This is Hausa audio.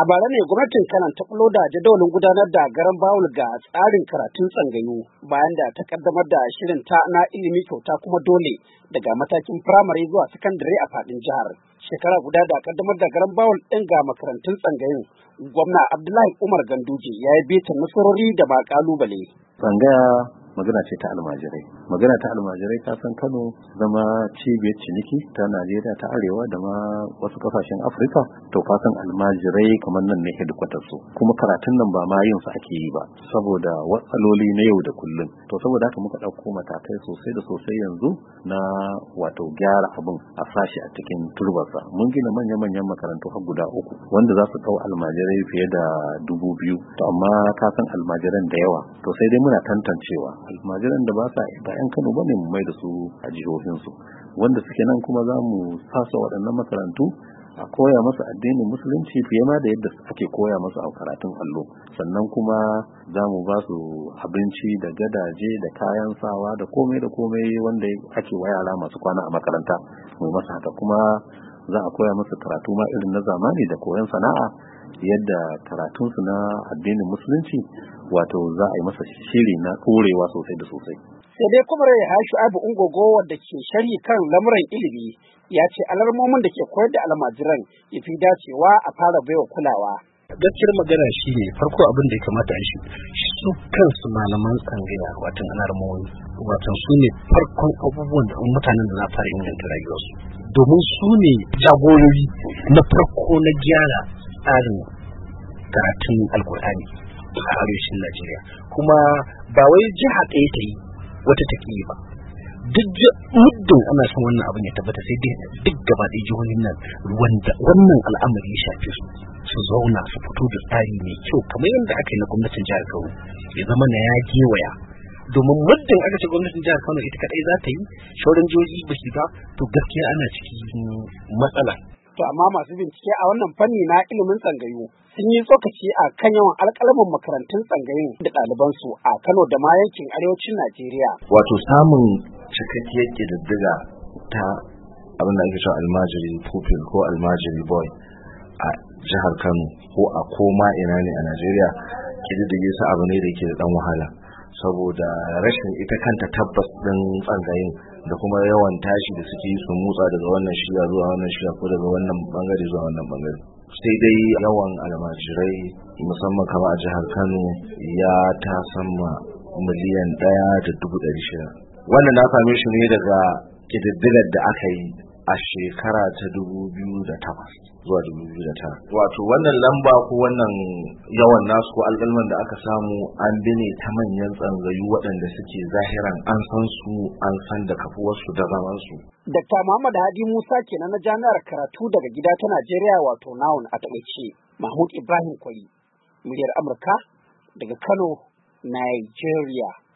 A bara ne gwamnatin Kanan ta kulo da jadawalin gudanar da garan bawul ga tsarin karatun tsangayu bayan da ta kaddamar da shirin ta na ilimi kyauta kuma dole daga matakin firamare zuwa sakandare a fadin jihar. Shekara guda da kaddamar da garan bawul ɗin ga makarantun tsangayun gwamna Abdullahi Umar Ganduje ya yi bitan nasarori da ba kalubale. Tsangaya magana ce ta almajirai magana ta almajirai ka san kano zama cibiyar ciniki ta najeriya ta arewa da ma wasu kasashen afirka to ka san almajirai kamar nan ne hedikwatar su kuma karatun nan ba ma yin su ake yi ba saboda watsaloli na yau da kullum to saboda haka muka ɗauko matakai sosai da sosai yanzu na wato gyara abin a sashi a cikin turbarsa mun gina manya-manyan makarantu har guda uku wanda za su kawo almajirai fiye da dubu biyu to amma ka san almajiran da yawa to sai dai muna tantancewa almajiran da ba sa ba yan Kano ne mu mai da su a jihohinsu wanda suke nan kuma za mu sasa waɗannan makarantu a koya masu addinin musulunci fiye ma da yadda ake koya masu a karatun allo sannan kuma za mu ba su abinci da gadaje da kayan sawa da komai da komai wanda ake wa yara masu kwana a makaranta mu masa haka kuma za a koya masu karatu ma irin na zamani da koyon sana'a yadda karatunsu na addinin musulunci wato za a yi masa shiri na korewa sosai da sosai. Sai dai kuma rai hashi Abu Ungogo wanda ke sharhi kan lamuran ilimi ya ce alarmomin da ke koyar da almajiran ya fi dacewa a fara baiwa kulawa. gaskiyar magana shi ne farko abin da ya kamata a shi su kansu malaman tsangaya watan alarmomi watan su ne farkon abubuwan da mutanen da za fara inganta rayuwarsu domin su ne jagorori na farko na gyara tsarin karatun alkur'ani a arewacin Najeriya kuma ba wai jiha ɗaya ta yi wata ta ƙi ba duk muddin ana son wannan abin ya tabbata sai dai duk gaba ɗaya jihohin nan wanda wannan al'amari ya shafe su su zauna su fito da tsari mai kyau kamar yadda aka yi na gwamnatin jihar Kano ya zama na ya gewaya domin muddin aka ce gwamnatin jihar Kano ita kadai za ta yi sauran jihohi ba su ba to gaskiya ana cikin matsala to amma masu bincike a wannan fanni na ilimin tsangayu sun yi tsokaci a kan yawan alkalamin makarantun tsangayin da ɗalibansu a Kano da ma yankin arewacin Najeriya. Wato samun cikakkiyar ƙididdiga ta abin da ake cewa almajiri pupil ko almajiri boy a jihar Kano ko a koma ina ne a Najeriya ƙididdige su abu ne da ke da ɗan wahala. saboda rashin ita kanta tabbas ɗin tsangayin da kuma yawan tashi da suke yi su motsa daga wannan shiya zuwa wannan shiya ko daga wannan bangare zuwa wannan bangare sai dai yawan almajirai musamman kama a jihar kano ya ta sama miliyan ɗaya da dubu ɗari shida wannan na same shi ne daga kididdigar da aka yi a shekara ta 2008 zuwa 2009 wato wannan lamba ko wannan yawan nasu ko alƙalman da aka samu an bine ta manyan tsangayu waɗanda suke zahiran an san su an san da kafuwarsu da zaman su. Dakta Muhammad Hadi Musa kenan na jami'ar karatu daga gida ta Najeriya wato Noun a taɓaice Mahmud Ibrahim Kwari muryar Amurka daga Kano Nigeria.